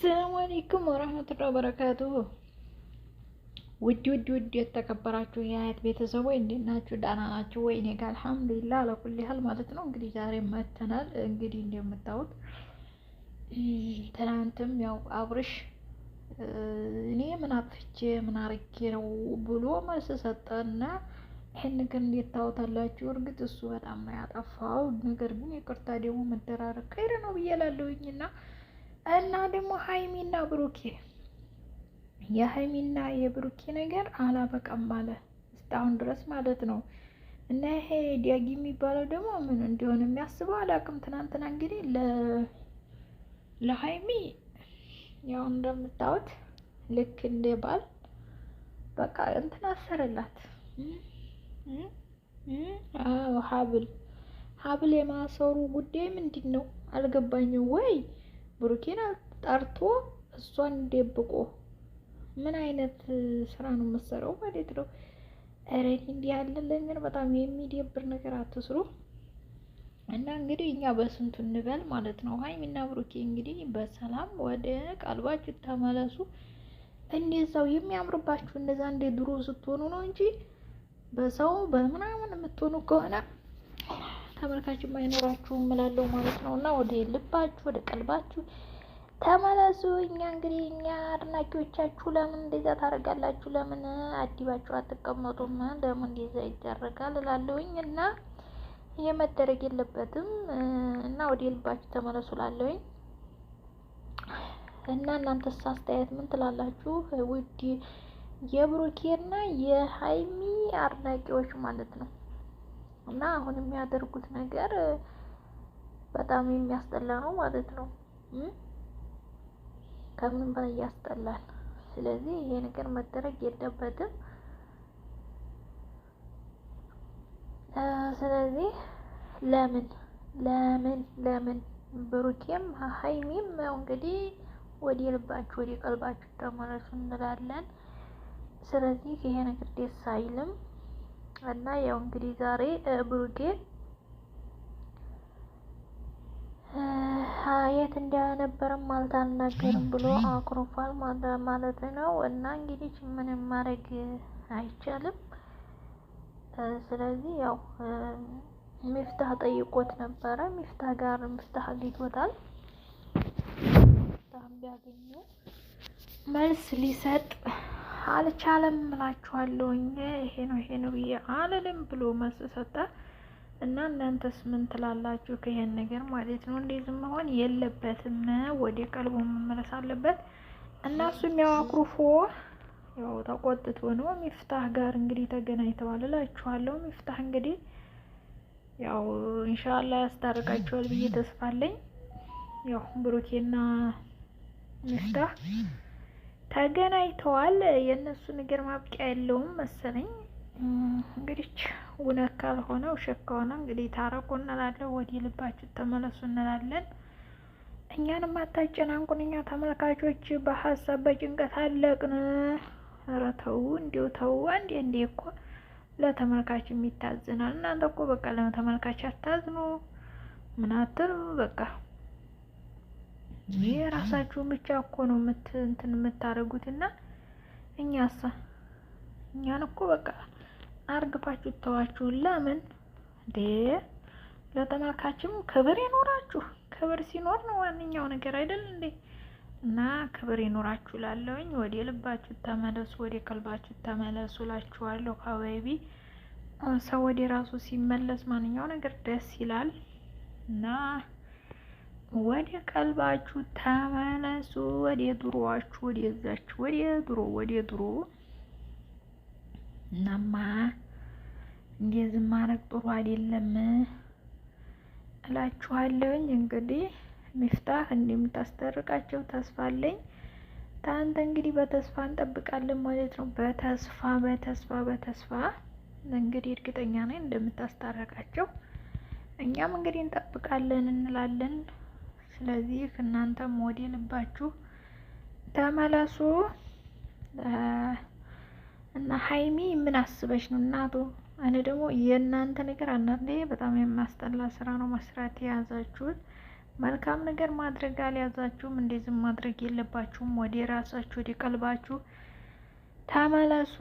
አሰላሙ አሌይኩም ወረህመቱላሂ ወበረካቱ። ውድ ውድ ውድ የተከበራችሁ የአያት ቤተሰቦች እንዴት ናችሁ? ደህና ናችሁ ወይ? እኔ ጋር አልሐምዱሊላህ አለኩል ያህል ማለት ነው። እንግዲህ ዛሬ መተናል። እንግዲህ እንደምታዩት ትናንትም ያው አብርሽ እኔ ምን አጥፍቼ ምን አርጌ ነው ብሎ መልስ ሰጠና ይህን ነገር እንዴት ታወታላችሁ? እርግጥ እሱ በጣም ነው ያጠፋው፣ ነገር ግን ይቅርታ ደግሞ መደራረግ ከይረ ነው ብዬ ላለሁኝና እና ደግሞ ሀይሚና ብሩኬ የሀይሚና የብሩኬ ነገር አላበቃም አለ እስካሁን ድረስ ማለት ነው። እና ይሄ ዲያጊ የሚባለው ደግሞ ምን እንዲሆን የሚያስበው አላውቅም። ትናንትና እንግዲህ ለሀይሚ ያው እንደምታዩት ልክ እንደ ባል በቃ እንትን አሰረላት ሀብል ሀብል የማሰሩ ጉዳይ ምንድን ነው አልገባኝም ወይ ብሩኬን ጠርቶ እሷን ደብቆ ምን አይነት ስራ ነው የምትሰራው ማለት ነው? ኧረ እንዲህ ያለ ለምን በጣም የሚደብር ነገር አትስሩ። እና እንግዲህ እኛ በስንቱ እንበል ማለት ነው። ሀይሚና ብሩኬ እንግዲህ በሰላም ወደ ቀልባችሁ ተመለሱ። እንደዛው የሚያምርባችሁ እንደዛ እንደ ድሮ ስትሆኑ ነው እንጂ በሰው በምናምን የምትሆኑ ከሆነ ተመልካችም አይኖራችሁም እላለሁ ማለት ነው። እና ወደ ልባችሁ ወደ ቀልባችሁ ተመለሱ። እኛ እንግዲህ እኛ አድናቂዎቻችሁ ለምን እንደዛ ታደርጋላችሁ? ለምን አዲባችሁ አትቀመጡም? ለምን እንደዛ ይደረጋል እላለሁኝ እና ይሄ መደረግ የለበትም እና ወደ ልባችሁ ተመለሱ እላለሁኝ እና እናንተስ አስተያየት ምን ትላላችሁ? ውድ የብሩኬና የሀይሚ አድናቂዎች ማለት ነው። እና አሁን የሚያደርጉት ነገር በጣም የሚያስጠላ ነው ማለት ነው። ከምን በላይ ያስጠላል። ስለዚህ ይሄ ነገር መደረግ የለበትም። ስለዚህ ለምን ለምን ለምን ብሩኬም ሀይሚም ያው እንግዲህ ወደ ልባችሁ ወደ ቀልባችሁ ተመለሱ እንላለን። ስለዚህ ይሄ ነገር ደስ አይልም። እና ያው እንግዲህ ዛሬ ብሩኬ የት እንደነበረም አልታናገርም ብሎ አኩርፏል ማለት ነው። እና እንግዲህ ምንም ማድረግ አይቻልም። ስለዚህ ያው ሚፍታህ ጠይቆት ነበረ። ሚፍታህ ጋር ሚፍታህ አግኝቶታል። ሚፍታህ ቢያገኘው መልስ ሊሰጥ አልቻለም እላችኋለሁኝ። ይሄ ነው ይሄ ነው ብዬ አልልም ብሎ መልስ ሰጠ። እና እናንተስ ምን ትላላችሁ? ከይሄን ነገር ማለት ነው እንዴ ዝም መሆን የለበትም፣ ወደ ቀልቡ መመለስ አለበት። እና እሱም ያው ያው ተቆጥቶ ነው ሚፍታህ ጋር እንግዲህ ተገናኝተዋል እላችኋለሁ። ሚፍታህ እንግዲህ ያው እንሻላ ያስታርቃቸዋል ብዬ ተስፋለኝ። ያው ብሩኬና ሚፍታህ ተገናኝተዋል። የእነሱ ነገር ማብቂያ የለውም መሰለኝ። እንግዲህ እውነት ካልሆነ ውሸት ከሆነ እንግዲህ ታረቁ እንላለን፣ ወደ ልባችሁ ተመለሱ እንላለን። እኛንም አታጨናንቁን። እኛ ተመልካቾች በሀሳብ በጭንቀት አለቅን። ኧረ ተው እንዲሁ ተው። አንዴ እኮ ለተመልካች የሚታዝናል። እናንተ እኮ በቃ ለተመልካች አታዝኑ፣ ምን አትሉ በቃ የራሳችሁ ብቻ እኮ ነው እንትን የምታደርጉት እና እኛሳ እኛን እኮ በቃ አርግፋችሁ ተዋችሁ። ለምን ዴ ለተመልካችም ክብር ይኖራችሁ። ክብር ሲኖር ነው ዋነኛው ነገር አይደል እንዴ? እና ክብር ይኖራችሁ ላለውኝ ወደ ልባችሁ ተመለሱ፣ ወደ ቀልባችሁ ተመለሱ ላችኋለሁ። ከወይቢ ሰው ወደ ራሱ ሲመለስ ማንኛው ነገር ደስ ይላል እና ወደ ቀልባችሁ ተመለሱ። ወደ ድሮዋችሁ ወደዛች ወደ ድሮ ወደ ድሮ እናማ እንደዚህ ማድረግ ጥሩ አይደለም እላችኋለሁኝ። እንግዲህ ሚፍታህ እንደምታስጠርቃቸው ተስፋ አለኝ። ታንተ እንግዲህ በተስፋ እንጠብቃለን ማለት ነው። በተስፋ በተስፋ በተስፋ እንግዲህ እርግጠኛ ነኝ እንደምታስታረቃቸው። እኛም እንግዲህ እንጠብቃለን እንላለን። ስለዚህ እናንተም ወደ ልባችሁ ተመለሱ። እና ሀይሚ ምን አስበሽ ነው እናቱ? እኔ ደግሞ የእናንተ ነገር አንዳንዴ በጣም የማስጠላ ስራ ነው መስራት የያዛችሁት። መልካም ነገር ማድረግ አልያዛችሁም። እንደዚህም ማድረግ የለባችሁም። ወደ ራሳችሁ ወደ ቀልባችሁ ተመለሱ።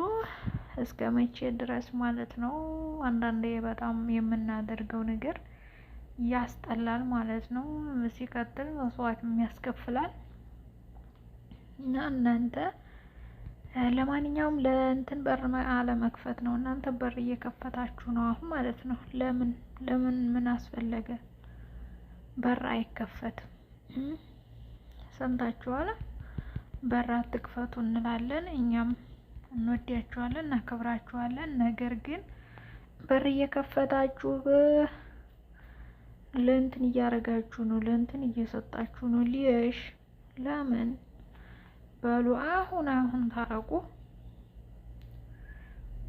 እስከ መቼ ድረስ ማለት ነው? አንዳንዴ በጣም የምናደርገው ነገር ያስጠላል ማለት ነው። ሲቀጥል መስዋዕትም ያስከፍላል እና እናንተ ለማንኛውም ለእንትን በር አለመክፈት ነው። እናንተ በር እየከፈታችሁ ነው አሁን ማለት ነው። ለምን ለምን ምን አስፈለገ? በር አይከፈትም። ሰምታችኋል። በር አትክፈቱ እንላለን። እኛም እንወዳችኋለን፣ እናከብራችኋለን። ነገር ግን በር እየከፈታችሁ ለእንትን እያረጋችሁ ነው፣ ለእንትን እየሰጣችሁ ነው። ሊሽ ለምን በሉ አሁን አሁን ታረቁ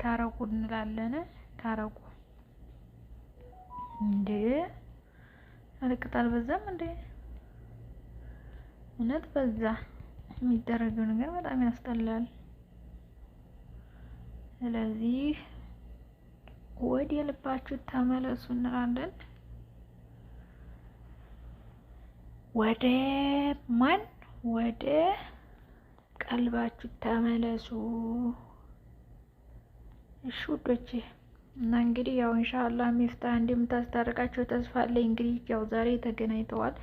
ታረቁ እንላለን። ታረቁ እንዴ አልቅጣል በዛም እንዴ እውነት በዛ የሚደረገው ነገር በጣም ያስጠላል። ስለዚህ ወደ ልባችሁ ተመለሱ እንላለን። ወደ ማን ወደ ቀልባችሁ ተመለሱ። እሺ ውዶቼ እና እንግዲህ ያው ኢንሻአላህ ሚፍታ እንደምታስታርቃቸው ተስፋ አለኝ። እንግዲህ ያው ዛሬ ተገናኝተዋል።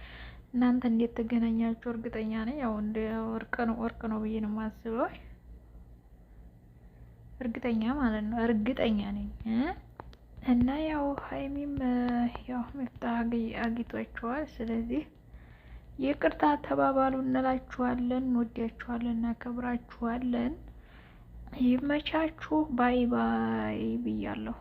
እናንተ እንዴት ተገናኛችሁ? እርግጠኛ ነኝ ያው እንደ ወርቅ ነው ወርቅ ነው ብዬ ነው የማስበው። እርግጠኛ ማለት ነው እርግጠኛ ነኝ እና ያው ሀይሚም ያው ሚፍታ አግኝቷቸዋል። ስለዚህ ይቅርታ ተባባሉ እንላችኋለን። እንወዳችኋለን፣ እናከብራችኋለን። ይመቻችሁ። ባይ ባይ ብያለሁ።